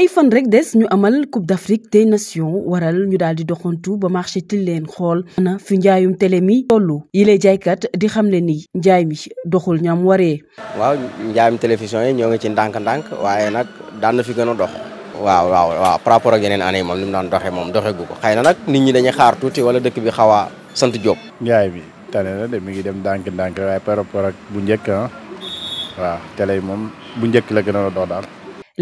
ay fan rek des ñu amal coupe d'Afrique des nations waral ñu daal di doxantu ba marché leen xool na fi njaayum tele mi tollu yile jaaykat di xam xamle ni njaay mi doxul ñam waree. waaw njaayum télévision yi ñoo ngi ci ndànk-ndànk waaye nag daan na fi gën a dox. waaw waaw waaw par rapport ak yi moom li mu daan doxe moom doxee gu ko na nag ni ñi dañuy xaar tuuti wala dëkk bi xaw a sant Diop. njaay bi. tane na de mi ngi dem ndànk-ndànk waaye par rapport ak bu njëkk ah waaw télé moom bu njëkk la gën a dox daal.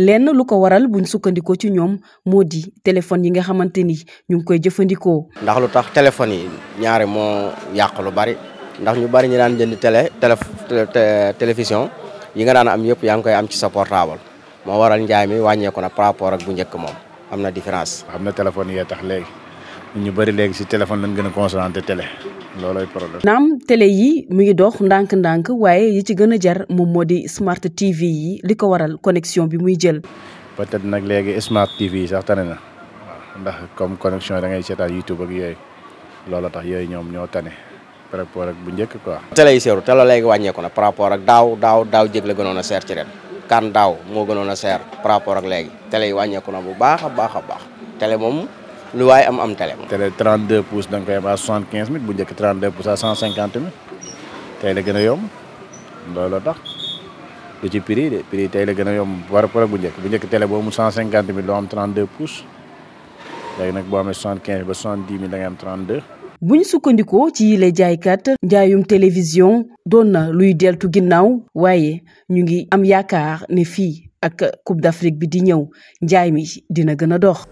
lenn lu ko waral buñ sukkandikoo ci ñoom moo di téléphone yi nga xamante ni ñu ngi koy jëfandikoo. ndax lu tax téléphone yi ñaare mo yàq lu bari ndax ñu bari ñu daan jënd télé télévision yi nga daan am yëpp yaa ngi koy am ci sa portable moo waral njaay mi wàññeeku na par rapport ak bu njëkk moom am na différence. am na téléphone yee tax léegi. ñu bëri léegi si téléphone lañ gën a concentré télé loolooy problème. naam télé yi mu ngi dox ndànk-ndànk waaye yi ci gën a jar moom moo di smart TV yi li ko waral connexion bi muy jël. peut-être nag léegi smart TV yi na waaw ndax comme connexion da ngay seetaan YouTube ak yooyu looloo tax yooyu ñoom ñoo tane par rapport ak bu njëkk quoi. télé yi seeru télé léegi wàññeeku na par rapport ak daaw daaw daaw jég la gënoon a seer ci ren kan daaw moo gënoon a seer par rapport ak léegi télé yi wàññeeku na bu baax a baax a baax télé moom. lu waaye am am télé. télé 32 pouces da nga koy am à mille bu njëkk 32 pouces à 150 mille tey la gën a yom looloo tax du ci prix de prix tey la gën a yomb par rapport ak bu njëkk bu njëkk télé boo amul 150 mille doo am 32 pouces nag boo amee 75 ba 70 mille da ngay am 32. bu ñu sukkandikoo ci yile jaaykat njaayum télévision doon na luy deltu ginnaaw waaye ñu ngi am yaakaar ne fii ak Coupe d'Afrique bi di ñëw njaay mi dina gën a dox.